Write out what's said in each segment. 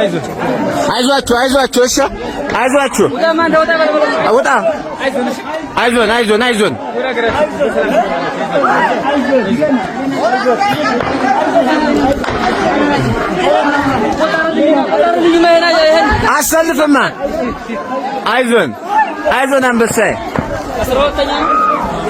አይዟችሁ አይዟችሁ፣ እሺ አይዟችሁ። ወጣ አይዞን አይዞን አይዞን። አሰልፍማ አይዞን አይዞን አንበሳዬ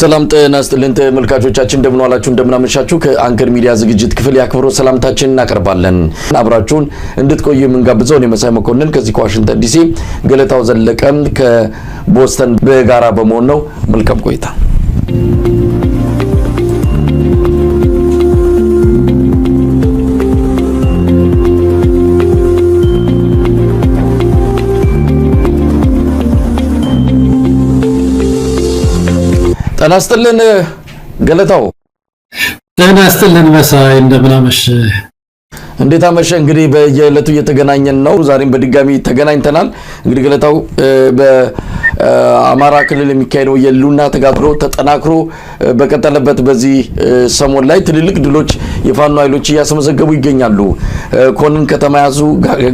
ሰላም ጤና ይስጥልን ተመልካቾቻችን፣ እንደምን ዋላችሁ፣ አመሻችሁ። ከአንከር ሚዲያ ዝግጅት ክፍል የአክብሮት ሰላምታችንን እናቀርባለን። አብራችሁን እንድትቆዩ የምንጋብዘው እኔ መሳይ መኮንን ከዚህ ከዋሽንግተን ዲሲ፣ ገለታው ዘለቀም ከቦስተን በጋራ በመሆን ነው። መልካም ቆይታ ጤና ገለታው። ጤና ይስጥልን መሳይ፣ እንደምናመሽ እንዴት አመሸ? እንግዲህ በየዕለቱ እየተገናኘን ነው። ዛሬም በድጋሚ ተገናኝተናል። እንግዲህ ገለታው አማራ ክልል የሚካሄደው የሉና ተጋድሎ ተጠናክሮ በቀጠለበት በዚህ ሰሞን ላይ ትልልቅ ድሎች የፋኖ ኃይሎች እያስመዘገቡ ይገኛሉ። ኮንን ከተማ ያዙ፣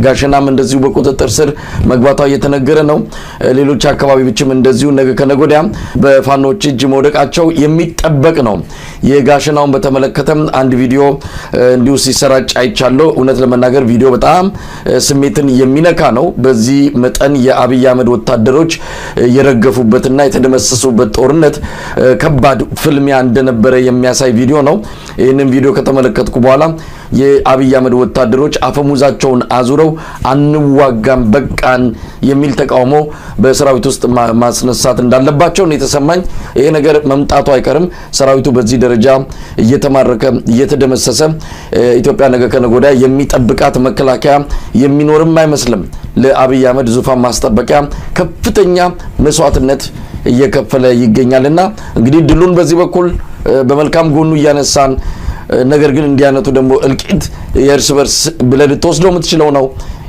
ጋሸናም እንደዚሁ በቁጥጥር ስር መግባቷ እየተነገረ ነው። ሌሎች አካባቢዎችም እንደዚሁ ነገ ከነገ ወዲያ በፋኖዎች እጅ መውደቃቸው የሚጠበቅ ነው። የጋሸናውን በተመለከተም አንድ ቪዲዮ እንዲሁ ሲሰራጭ አይቻለሁ። እውነት ለመናገር ቪዲዮ በጣም ስሜትን የሚነካ ነው። በዚህ መጠን የአብይ አህመድ ወታደሮች የረገፉበትና የተደመሰሱበት ጦርነት ከባድ ፍልሚያ እንደነበረ የሚያሳይ ቪዲዮ ነው። ይህንን ቪዲዮ ከተመለከትኩ በኋላ የአብይ አህመድ ወታደሮች አፈሙዛቸውን አዙረው አንዋጋም በቃን የሚል ተቃውሞ በሰራዊት ውስጥ ማስነሳት እንዳለባቸው ነው የተሰማኝ። ይሄ ነገር መምጣቱ አይቀርም። ሰራዊቱ በዚህ ደረጃ እየተማረከ እየተደመሰሰ ኢትዮጵያ ነገ ከነገ ወዲያ የሚጠብቃት መከላከያ የሚኖርም አይመስልም። ለአብይ አህመድ ዙፋን ማስጠበቂያ ከፍተኛ መስዋዕትነት እየከፈለ ይገኛልና እንግዲህ ድሉን በዚህ በኩል በመልካም ጎኑ እያነሳን ነገር ግን እንዲያነቱ ደግሞ እልቂት የእርስ በርስ ብለህ ልትወስደው የምትችለው ነው።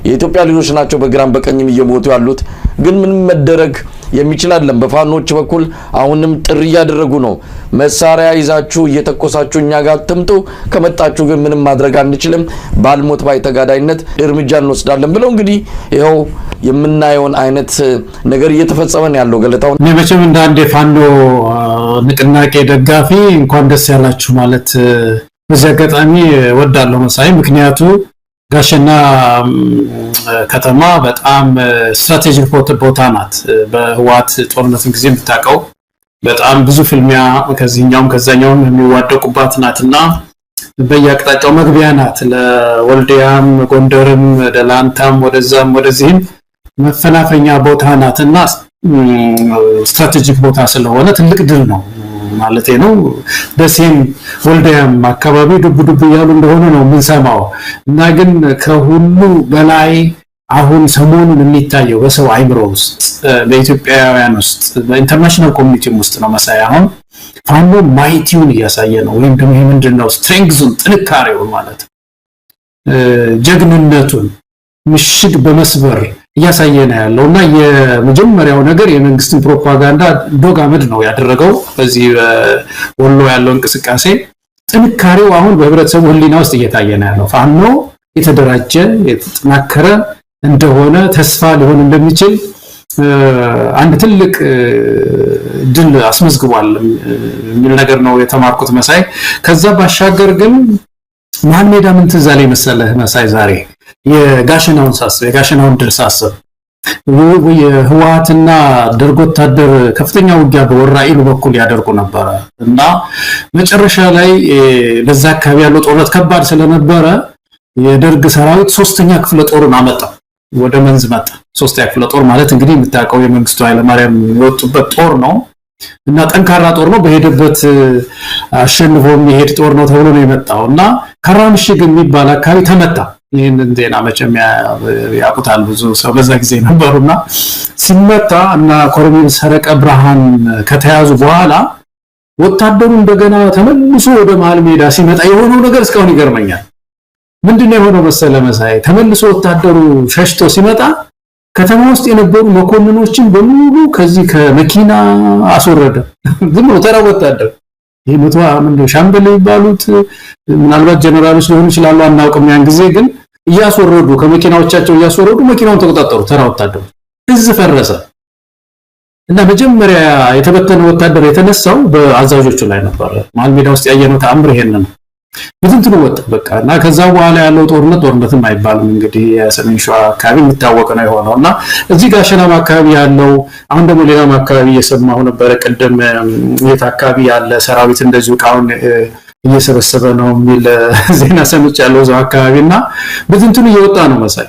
የኢትዮጵያ ልጆች ናቸው በግራም በቀኝም እየሞቱ ያሉት ግን ምንም መደረግ የሚችል አይደለም። በፋኖች በኩል አሁንም ጥሪ እያደረጉ ነው። መሳሪያ ይዛችሁ እየተኮሳችሁ እኛ ጋር ትምጡ፣ ከመጣችሁ ግን ምንም ማድረግ አንችልም፣ ባልሞት ባይ ተጋዳይነት እርምጃ እንወስዳለን ብለው እንግዲህ ይኸው የምናየውን አይነት ነገር እየተፈጸመ ነው ያለው። ገለታውን እኔ መቼም እንደ አንድ የፋኖ ንቅናቄ ደጋፊ እንኳን ደስ ያላችሁ ማለት በዚህ አጋጣሚ ወዳለው መሳይ ምክንያቱ ጋሸና ከተማ በጣም ስትራቴጂክ ቦታ ናት። በህወሓት ጦርነትን ጊዜ የምታውቀው በጣም ብዙ ፍልሚያ ከዚህኛውም ከዛኛውም የሚዋደቁባት ናት እና በየአቅጣጫው መግቢያ ናት። ለወልዲያም፣ ጎንደርም፣ ደላንታም፣ ወደዛም ወደዚህም መፈናፈኛ ቦታ ናት እና ስትራቴጂክ ቦታ ስለሆነ ትልቅ ድል ነው ማለት ነው። ደሴም ወልዲያም አካባቢ ዱብ ዱብ እያሉ እንደሆነ ነው የምንሰማው እና ግን ከሁሉ በላይ አሁን ሰሞኑን የሚታየው በሰው አይምሮ ውስጥ በኢትዮጵያውያን ውስጥ በኢንተርናሽናል ኮሚኒቲ ውስጥ ነው መሳይ አሁን ፋኖ ማይቲውን እያሳየ ነው። ወይም ደግሞ ምንድን ነው ስትሬንግዙን ጥንካሬውን ማለት ጀግንነቱን ምሽግ በመስበር እያሳየ ነው ያለው እና የመጀመሪያው ነገር የመንግስትን ፕሮፓጋንዳ ዶግ አመድ ነው ያደረገው። በዚህ ወሎ ያለው እንቅስቃሴ ጥንካሬው አሁን በህብረተሰቡ ህሊና ውስጥ እየታየ ነው ያለው። ፋኖ የተደራጀ የተጠናከረ እንደሆነ ተስፋ ሊሆን እንደሚችል አንድ ትልቅ ድል አስመዝግቧል የሚል ነገር ነው የተማርኩት መሳይ። ከዛ ባሻገር ግን መሀል ሜዳ ምን ትዝ አለኝ መሰለህ መሳይ ዛሬ የጋሸናውን ሳስብ የጋሸናውን ድል ሳስብ የህወሓትና ደርግ ወታደር ከፍተኛ ውጊያ በወራኢሉ በኩል ያደርጉ ነበረ እና መጨረሻ ላይ በዛ አካባቢ ያለው ጦርነት ከባድ ስለነበረ የደርግ ሰራዊት ሶስተኛ ክፍለ ጦርን አመጣ፣ ወደ መንዝ መጣ። ሶስተኛ ክፍለ ጦር ማለት እንግዲህ የምታውቀው የመንግስቱ ኃይለማርያም የወጡበት ጦር ነው እና ጠንካራ ጦር ነው። በሄደበት አሸንፎ የሚሄድ ጦር ነው ተብሎ ነው የመጣው እና ከራ የሚባል አካባቢ ተመታ። ይህንን ዜና መቼም ያውቁታል ብዙ ሰው በዛ ጊዜ ነበሩና ሲመታ እና ኮሎኔል ሰረቀ ብርሃን ከተያዙ በኋላ ወታደሩ እንደገና ተመልሶ ወደ መሀል ሜዳ ሲመጣ የሆነው ነገር እስካሁን ይገርመኛል። ምንድን ነው የሆነው መሰለ መሳይ? ተመልሶ ወታደሩ ሸሽቶ ሲመጣ ከተማ ውስጥ የነበሩ መኮንኖችን በሙሉ ከዚህ ከመኪና አስወረደ። ዝም ተራ ወታደር ይህ መቶ ምንድነው ሻምበል የሚባሉት ምናልባት ጀነራሎች ሊሆኑ ይችላሉ፣ አናውቅም። ያን ጊዜ ግን እያስወረዱ ከመኪናዎቻቸው እያስወረዱ መኪናውን ተቆጣጠሩ። ተራ ወታደሩ እዝ ፈረሰ እና መጀመሪያ የተበተነ ወታደር የተነሳው በአዛዦቹ ላይ ነበረ። መሀል ሜዳ ውስጥ ያየነው ተአምር ይሄንን ነው። ብትንትኑ ወጣ በቃ እና ከዛ በኋላ ያለው ጦርነት ጦርነትም አይባልም እንግዲህ የሰሜን ሸዋ አካባቢ የሚታወቅ ነው የሆነው እና እዚህ ጋር አካባቢ ያለው አሁን ደግሞ ሌላም አካባቢ እየሰማሁ ነበረ ቅድም የት አካባቢ ያለ ሰራዊት እንደዚሁ እቃውን እየሰበሰበ ነው የሚል ዜና ሰምች ያለው እዛው አካባቢ እና ብትንትኑ እየወጣ ነው መሳይ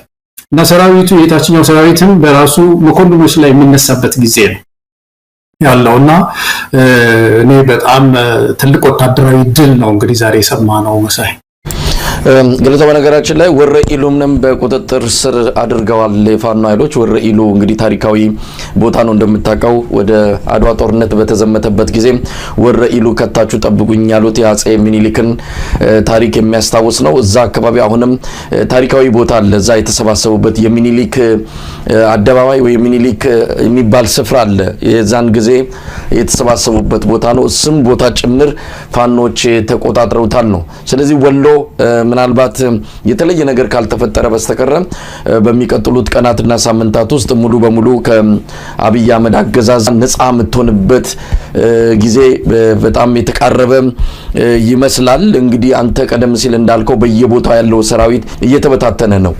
እና ሰራዊቱ የታችኛው ሰራዊትም በራሱ መኮንኖች ላይ የሚነሳበት ጊዜ ነው ያለው እና እኔ በጣም ትልቅ ወታደራዊ ድል ነው እንግዲህ ዛሬ የሰማ ነው መሳይ ገለታ በነገራችን ላይ ወረ ኢሉምንም በቁጥጥር ስር አድርገዋል የፋኖ ኃይሎች። ወረ ኢሉ እንግዲህ ታሪካዊ ቦታ ነው እንደምታውቀው። ወደ አድዋ ጦርነት በተዘመተበት ጊዜ ወረ ኢሉ ከታችሁ ጠብቁኝ ያሉት የአጼ ሚኒሊክን ታሪክ የሚያስታውስ ነው። እዛ አካባቢ አሁንም ታሪካዊ ቦታ አለ። እዛ የተሰባሰቡበት የሚኒሊክ አደባባይ ወይ ሚኒሊክ የሚባል ስፍራ አለ። የዛን ጊዜ የተሰባሰቡበት ቦታ ነው። እሱም ቦታ ጭምር ፋኖች ተቆጣጥረውታል ነው። ስለዚህ ወሎ ምናልባት የተለየ ነገር ካልተፈጠረ በስተቀረ በሚቀጥሉት ቀናትና ሳምንታት ውስጥ ሙሉ በሙሉ ከአብይ አህመድ አገዛዝ ነጻ የምትሆንበት ጊዜ በጣም የተቃረበ ይመስላል። እንግዲህ አንተ ቀደም ሲል እንዳልከው በየቦታው ያለው ሰራዊት እየተበታተነ ነው።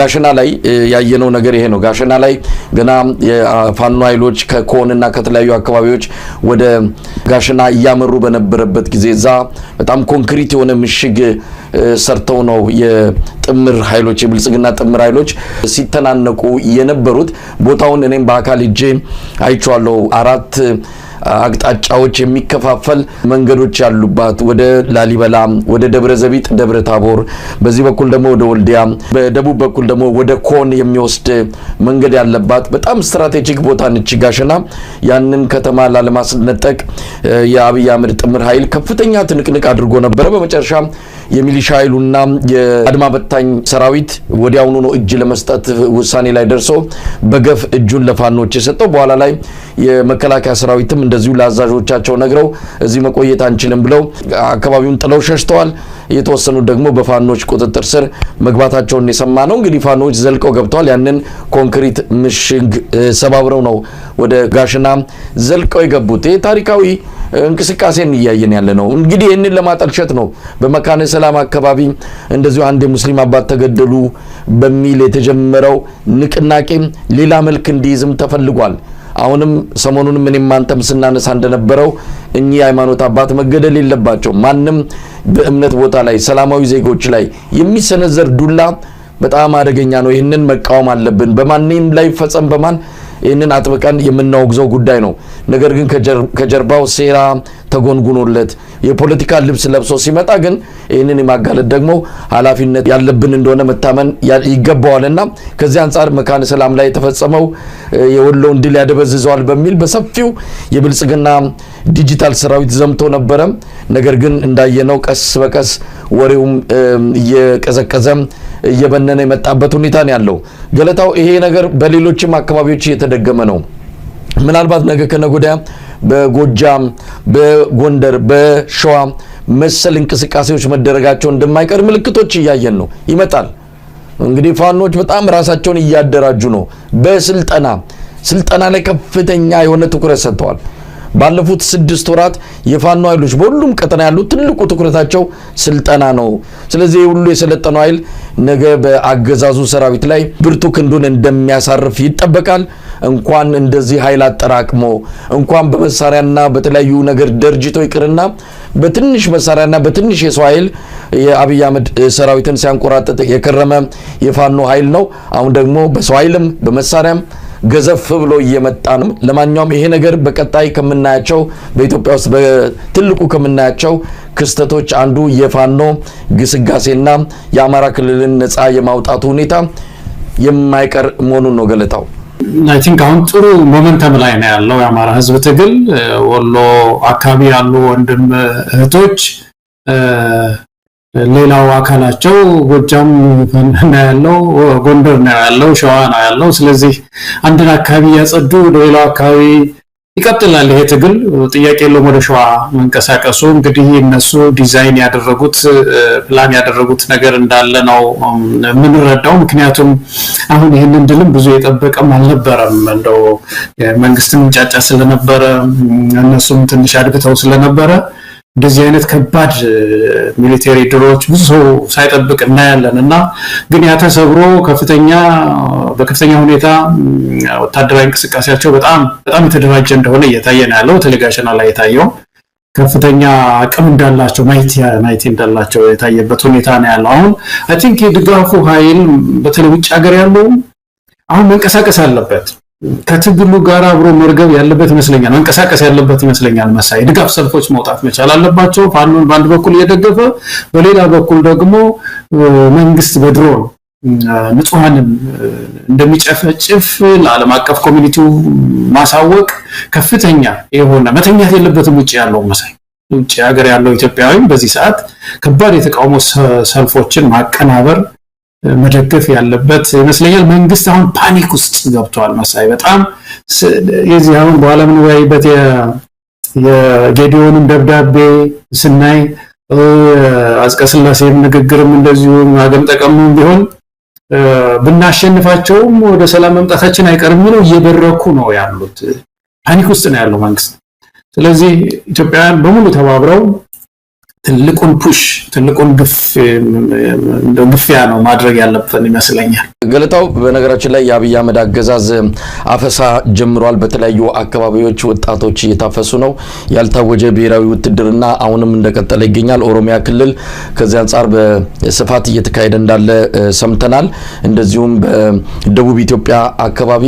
ጋሸና ላይ ያየነው ነገር ይሄ ነው። ጋሸና ላይ ገና የፋኖ ኃይሎች ከኮንና ከተለያዩ አካባቢዎች ወደ ጋሸና እያመሩ በነበረበት ጊዜ እዛ በጣም ኮንክሪት የሆነ ምሽግ ሰርተው ነው የጥምር ኃይሎች የብልጽግና ጥምር ኃይሎች ሲተናነቁ የነበሩት። ቦታውን እኔም በአካል እጄ አይቼዋለሁ። አራት አቅጣጫዎች የሚከፋፈል መንገዶች ያሉባት ወደ ላሊበላ፣ ወደ ደብረ ዘቢጥ፣ ደብረ ታቦር፣ በዚህ በኩል ደግሞ ወደ ወልዲያ፣ በደቡብ በኩል ደግሞ ወደ ኮን የሚወስድ መንገድ ያለባት በጣም ስትራቴጂክ ቦታ ነች ጋሸና። ያንን ከተማ ላለማስነጠቅ የአብይ አህመድ ጥምር ኃይል ከፍተኛ ትንቅንቅ አድርጎ ነበረ። በመጨረሻ የሚሊሻ ኃይሉና የአድማ በታኝ ሰራዊት ወዲያውኑ ነው እጅ ለመስጠት ውሳኔ ላይ ደርሶ በገፍ እጁን ለፋኖች የሰጠው በኋላ ላይ የመከላከያ ሰራዊትም እንደዚሁ ለአዛዦቻቸው ነግረው እዚህ መቆየት አንችልም ብለው አካባቢውን ጥለው ሸሽተዋል። የተወሰኑት ደግሞ በፋኖች ቁጥጥር ስር መግባታቸውን የሰማ ነው። እንግዲህ ፋኖች ዘልቀው ገብተዋል። ያንን ኮንክሪት ምሽግ ሰባብረው ነው ወደ ጋሽና ዘልቀው የገቡት። ይህ ታሪካዊ እንቅስቃሴን እያየን ያለ ነው። እንግዲህ ይህንን ለማጠልሸት ነው በመካነ ሰላም አካባቢ እንደዚሁ አንድ የሙስሊም አባት ተገደሉ በሚል የተጀመረው ንቅናቄም ሌላ መልክ እንዲይዝም ተፈልጓል። አሁንም ሰሞኑንም እኔም አንተም ስናነሳ እንደነበረው እኚህ የሃይማኖት አባት መገደል የለባቸው። ማንም በእምነት ቦታ ላይ ሰላማዊ ዜጎች ላይ የሚሰነዘር ዱላ በጣም አደገኛ ነው። ይህንን መቃወም አለብን። በማንም ላይ ፈጸም በማን ይህንን አጥብቀን የምናወግዘው ጉዳይ ነው። ነገር ግን ከጀርባው ሴራ ተጎንጉኖለት የፖለቲካ ልብስ ለብሶ ሲመጣ ግን ይህንን የማጋለጥ ደግሞ ኃላፊነት ያለብን እንደሆነ መታመን ይገባዋልና ከዚህ አንጻር መካነ ሰላም ላይ የተፈጸመው የወሎውን ድል ያደበዝዘዋል በሚል በሰፊው የብልጽግና ዲጂታል ሰራዊት ዘምቶ ነበረ። ነገር ግን እንዳየነው ቀስ በቀስ ወሬውም እየቀዘቀዘ እየበነነ የመጣበት ሁኔታ ነው ያለው። ገለታው ይሄ ነገር በሌሎችም አካባቢዎች እየተደገመ ነው። ምናልባት ነገ ከነገ ወዲያ በጎጃም፣ በጎንደር፣ በሸዋ መሰል እንቅስቃሴዎች መደረጋቸው እንደማይቀር ምልክቶች እያየን ነው። ይመጣል እንግዲህ ፋኖች በጣም ራሳቸውን እያደራጁ ነው። በስልጠና ስልጠና ላይ ከፍተኛ የሆነ ትኩረት ሰጥተዋል። ባለፉት ስድስት ወራት የፋኖ ኃይሎች በሁሉም ቀጠና ያሉት ትልቁ ትኩረታቸው ስልጠና ነው። ስለዚህ ሁሉ የሰለጠነው ኃይል ነገ በአገዛዙ ሰራዊት ላይ ብርቱ ክንዱን እንደሚያሳርፍ ይጠበቃል። እንኳን እንደዚህ ኃይል አጠራቅሞ እንኳን በመሳሪያና በተለያዩ ነገር ደርጅቶ ይቅርና በትንሽ መሳሪያና በትንሽ የሰው ኃይል የአብይ አህመድ ሰራዊትን ሲያንቆራጥጥ የከረመ የፋኖ ኃይል ነው። አሁን ደግሞ በሰው ኃይልም በመሳሪያም ገዘፍ ብሎ እየመጣ ነው። ለማንኛውም ይሄ ነገር በቀጣይ ከምናያቸው በኢትዮጵያ ውስጥ በትልቁ ከምናያቸው ክስተቶች አንዱ የፋኖ ግስጋሴና የአማራ ክልልን ነጻ የማውጣቱ ሁኔታ የማይቀር መሆኑን ነው ገለጣው። አይ ቲንክ አሁን ጥሩ ሞመንተም ላይ ነው ያለው የአማራ ህዝብ ትግል። ወሎ አካባቢ ያሉ ወንድም እህቶች ሌላው አካላቸው ጎጃም ነው ያለው፣ ጎንደር ነው ያለው፣ ሸዋ ነው ያለው። ስለዚህ አንድን አካባቢ እያጸዱ ወደ ሌላው አካባቢ ይቀጥላል ይሄ ትግል ጥያቄ የለውም። ወደ ሸዋ መንቀሳቀሱ እንግዲህ እነሱ ዲዛይን ያደረጉት ፕላን ያደረጉት ነገር እንዳለ ነው የምንረዳው። ምክንያቱም አሁን ይህንን ድልም ብዙ የጠበቀም አልነበረም። እንደው መንግስትም ጫጫ ስለነበረ እነሱም ትንሽ አድግተው ስለነበረ እንደዚህ አይነት ከባድ ሚሊቴሪ ድሮዎች ብዙ ሰው ሳይጠብቅ እናያለን እና ግን ያ ተሰብሮ ከፍተኛ በከፍተኛ ሁኔታ ወታደራዊ እንቅስቃሴያቸው በጣም በጣም የተደራጀ እንደሆነ እየታየ ነው ያለው። ቴሌጋሽና ላይ የታየው ከፍተኛ አቅም እንዳላቸው ማይቲ ማይቲ እንዳላቸው የታየበት ሁኔታ ነው ያለው። አሁን አይ ቲንክ የድጋፉ ኃይል በተለይ ውጭ ሀገር ያለው አሁን መንቀሳቀስ አለበት። ከትግሉ ጋር አብሮ መርገብ ያለበት ይመስለኛል፣ መንቀሳቀስ ያለበት ይመስለኛል። መሳይ ድጋፍ ሰልፎች መውጣት መቻል አለባቸው። ፋኖን በአንድ በኩል እየደገፈ በሌላ በኩል ደግሞ መንግስት በድሮን ንጹሐንም እንደሚጨፈጭፍ ለዓለም አቀፍ ኮሚኒቲው ማሳወቅ ከፍተኛ የሆነ መተኛት የለበትም ውጭ ያለው መሳይ ውጭ ሀገር ያለው ኢትዮጵያዊም በዚህ ሰዓት ከባድ የተቃውሞ ሰልፎችን ማቀናበር መደገፍ ያለበት ይመስለኛል። መንግስት አሁን ፓኒክ ውስጥ ገብቷል። መሳይ በጣም የዚህ አሁን በኋላ የምንወያይበት የጌዲዮንም ደብዳቤ ስናይ አጽቀሥላሴም ንግግርም እንደዚሁ አገም ጠቀሙም ቢሆን ብናሸንፋቸውም ወደ ሰላም መምጣታችን አይቀርም ብለው እየበረኩ ነው ያሉት። ፓኒክ ውስጥ ነው ያለው መንግስት። ስለዚህ ኢትዮጵያውያን በሙሉ ተባብረው ትልቁን ፑሽ ትልቁን ግፊያ ነው ማድረግ ያለብን ይመስለኛል። ገለታው በነገራችን ላይ የአብይ አህመድ አገዛዝ አፈሳ ጀምሯል። በተለያዩ አካባቢዎች ወጣቶች እየታፈሱ ነው። ያልታወጀ ብሔራዊ ውትድርና አሁንም እንደቀጠለ ይገኛል። ኦሮሚያ ክልል ከዚህ አንጻር በስፋት እየተካሄደ እንዳለ ሰምተናል። እንደዚሁም በደቡብ ኢትዮጵያ አካባቢ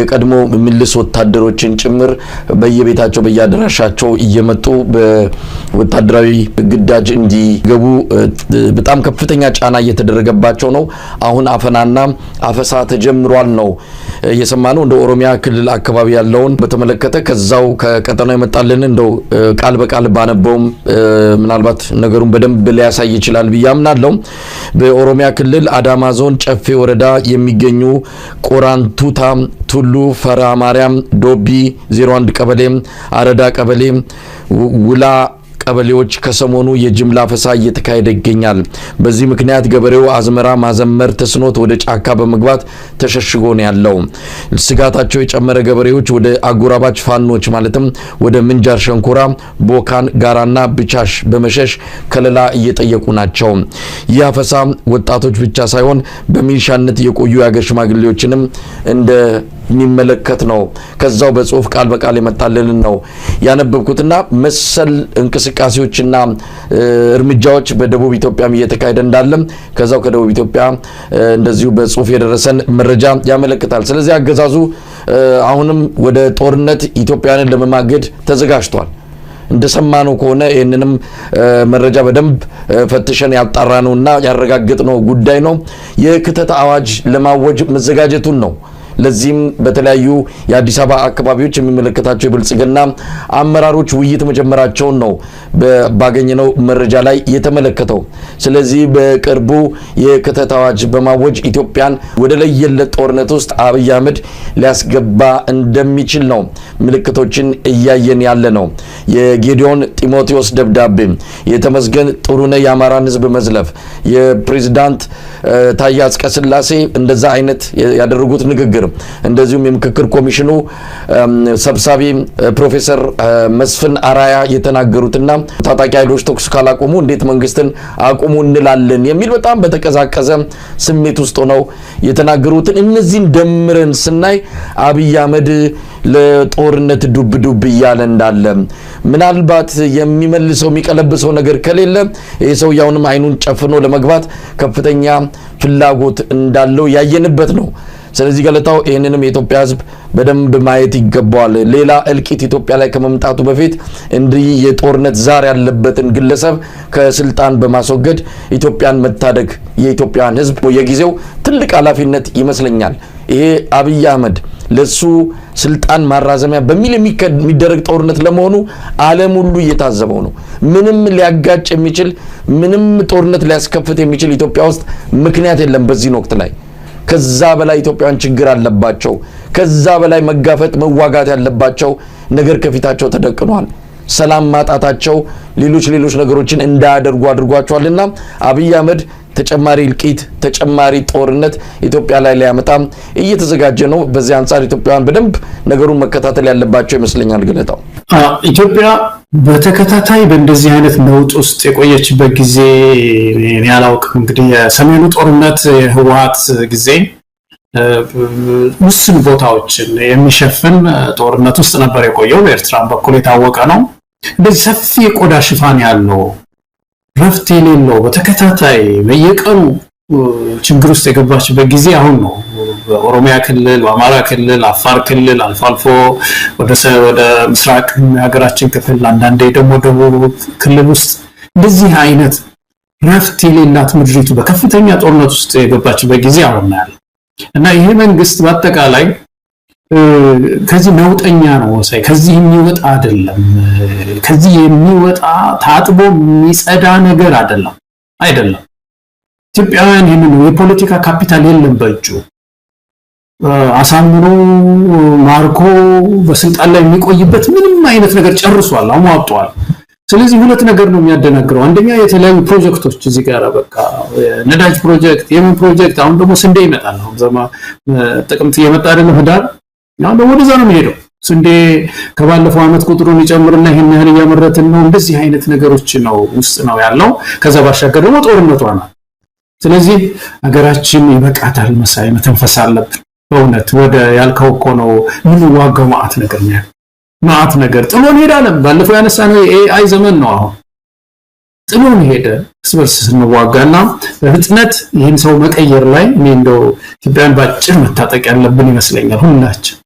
የቀድሞ ምልስ ወታደሮችን ጭምር በየቤታቸው በየአዳራሻቸው እየመጡ በወታደራዊ ግዳጅ እንዲገቡ በጣም ከፍተኛ ጫና እየተደረገባቸው ነው። አሁን አፈናና አፈሳ ተጀምሯል ነው ነው። እንደ ኦሮሚያ ክልል አካባቢ ያለውን በተመለከተ ከዛው ከቀጠናው የመጣልን እንደው ቃል በቃል ባነበውም ምናልባት ነገሩን በደንብ ሊያሳይ ይችላል ብዬ አምናለሁ። በኦሮሚያ ክልል አዳማ ዞን ጨፌ ወረዳ የሚገኙ ቆራንቱታ፣ ቱሉ፣ ፈራ ማርያም፣ ዶቢ 01 ቀበሌ፣ አረዳ ቀበሌ፣ ውላ ቀበሌዎች ከሰሞኑ የጅምላ ፈሳ እየተካሄደ ይገኛል። በዚህ ምክንያት ገበሬው አዝመራ ማዘመር ተስኖት ወደ ጫካ በመግባት ተሸሽጎ ነው ያለው። ስጋታቸው የጨመረ ገበሬዎች ወደ አጎራባች ፋኖች ማለትም ወደ ምንጃር ሸንኮራ፣ ቦካን፣ ጋራና ብቻሽ በመሸሽ ከለላ እየጠየቁ ናቸው። ይህ አፈሳ ወጣቶች ብቻ ሳይሆን በሚሊሻነት የቆዩ የአገር ሽማግሌዎችንም እንደ የሚመለከት ነው። ከዛው በጽሁፍ ቃል በቃል የመጣልልን ነው ያነበብኩትና መሰል እንቅስቃሴ እንቅስቃሴዎችና እርምጃዎች በደቡብ ኢትዮጵያም እየተካሄደ እንዳለም ከዛው ከደቡብ ኢትዮጵያ እንደዚሁ በጽሁፍ የደረሰን መረጃ ያመለክታል። ስለዚህ አገዛዙ አሁንም ወደ ጦርነት ኢትዮጵያንን ለመማገድ ተዘጋጅቷል። እንደሰማነው ከሆነ ይህንንም መረጃ በደንብ ፈትሸን ያጣራነውና ያረጋገጥነው ጉዳይ ነው። የክተት አዋጅ ለማወጅ መዘጋጀቱን ነው። ለዚህም በተለያዩ የአዲስ አበባ አካባቢዎች የሚመለከታቸው የብልጽግና አመራሮች ውይይት መጀመራቸውን ነው ባገኘነው መረጃ ላይ የተመለከተው። ስለዚህ በቅርቡ የክተት አዋጅ በማወጅ ኢትዮጵያን ወደ ለየለት ጦርነት ውስጥ አብይ አህመድ ሊያስገባ እንደሚችል ነው ምልክቶችን እያየን ያለ ነው። የጌዲዮን ጢሞቴዎስ ደብዳቤ፣ የተመስገን ጥሩነ የአማራን ህዝብ መዝለፍ፣ የፕሬዚዳንት ታዬ አጽቀሥላሴ እንደዛ አይነት ያደረጉት ንግግር፣ እንደዚሁም የምክክር ኮሚሽኑ ሰብሳቢ ፕሮፌሰር መስፍን አራያ የተናገሩትና ታጣቂ ኃይሎች ተኩስ ካላቆሙ እንዴት መንግስትን አቁሙ እንላለን የሚል በጣም በተቀዛቀዘ ስሜት ውስጥ ሆነው የተናገሩትን እነዚህን ደምረን ስናይ አብይ አህመድ ለጦርነት ዱብ ዱብ እያለ እንዳለ ምናልባት የሚመልሰው የሚቀለብሰው ነገር ከሌለ ይህ ሰው ያውንም አይኑን ጨፍኖ ለመግባት ከፍተኛ ፍላጎት እንዳለው ያየንበት ነው። ስለዚህ ገለታው ይህንንም የኢትዮጵያ ህዝብ በደንብ ማየት ይገባዋል። ሌላ እልቂት ኢትዮጵያ ላይ ከመምጣቱ በፊት እንዲህ የጦርነት ዛር ያለበትን ግለሰብ ከስልጣን በማስወገድ ኢትዮጵያን መታደግ የኢትዮጵያን ህዝብ የጊዜው ትልቅ ኃላፊነት ይመስለኛል። ይሄ አብይ አህመድ ለሱ ስልጣን ማራዘሚያ በሚል የሚደረግ ጦርነት ለመሆኑ ዓለም ሁሉ እየታዘበው ነው። ምንም ሊያጋጭ የሚችል ምንም ጦርነት ሊያስከፍት የሚችል ኢትዮጵያ ውስጥ ምክንያት የለም በዚህን ወቅት ላይ ከዛ በላይ ኢትዮጵያን ችግር አለባቸው። ከዛ በላይ መጋፈጥ መዋጋት ያለባቸው ነገር ከፊታቸው ተደቅኗል። ሰላም ማጣታቸው ሌሎች ሌሎች ነገሮችን እንዳያደርጉ አድርጓቸዋልና አብይ አህመድ ተጨማሪ እልቂት፣ ተጨማሪ ጦርነት ኢትዮጵያ ላይ ሊያመጣም እየተዘጋጀ ነው። በዚህ አንጻር ኢትዮጵያውያን በደንብ ነገሩን መከታተል ያለባቸው ይመስለኛል ገለታው ኢትዮጵያ በተከታታይ በእንደዚህ አይነት ነውጥ ውስጥ የቆየችበት ጊዜ ያላውቅም። እንግዲህ የሰሜኑ ጦርነት የህወሀት ጊዜ ውስን ቦታዎችን የሚሸፍን ጦርነት ውስጥ ነበር የቆየው። በኤርትራን በኩል የታወቀ ነው። እንደዚህ ሰፊ የቆዳ ሽፋን ያለው ረፍት የሌለው በተከታታይ በየቀኑ ችግር ውስጥ የገባችበት ጊዜ አሁን ነው። በኦሮሚያ ክልል፣ በአማራ ክልል፣ አፋር ክልል አልፎ አልፎ ወደ ምስራቅ የሀገራችን ክፍል አንዳንዴ ደግሞ ደቡብ ክልል ውስጥ እንደዚህ አይነት ረፍት የሌላት ምድሪቱ በከፍተኛ ጦርነት ውስጥ የገባችበት ጊዜ አሁን ነው ያለ እና ይሄ መንግስት በአጠቃላይ ከዚህ ነውጠኛ ነው ወሳይ ከዚህ የሚወጣ አይደለም። ከዚህ የሚወጣ ታጥቦ የሚጸዳ ነገር አይደለም አይደለም ኢትዮጵያውያን ይህን ነው የፖለቲካ ካፒታል የለም በእጁ አሳምኖ ማርኮ በስልጣን ላይ የሚቆይበት ምንም አይነት ነገር ጨርሷል፣ አሟጧል። ስለዚህ ሁለት ነገር ነው የሚያደናግረው። አንደኛ የተለያዩ ፕሮጀክቶች እዚህ ጋር በቃ ነዳጅ ፕሮጀክት፣ የምን ፕሮጀክት፣ አሁን ደግሞ ስንዴ ይመጣል። አሁን ዘማ ጥቅምት እየመጣ አይደለም ህዳር፣ አሁን ደግሞ ወደዛ ነው የሚሄደው። ስንዴ ከባለፈው ዓመት ቁጥሩን ይጨምርና ይህን ያህል እያመረትን ነው። እንደዚህ አይነት ነገሮች ነው ውስጥ ነው ያለው። ከዛ ባሻገር ደግሞ ጦርነቷ ናት። ስለዚህ ሀገራችን ይበቃታል መሳይ መተንፈስ አለብን። በእውነት ወደ ያልከው እኮ ነው የምንዋጋው። መዓት ነገር ነው መዓት ነገር ጥሎን ሄዳለም። ባለፈው ያነሳ ነው የኤአይ ዘመን ነው። አሁን ጥሎን ሄደ። እርስ በርስ እና በፍጥነት ይህን ሰው መቀየር ላይ እኔ እንደው ኢትዮጵያን በአጭር መታጠቅ ያለብን ይመስለኛል ሁላችን።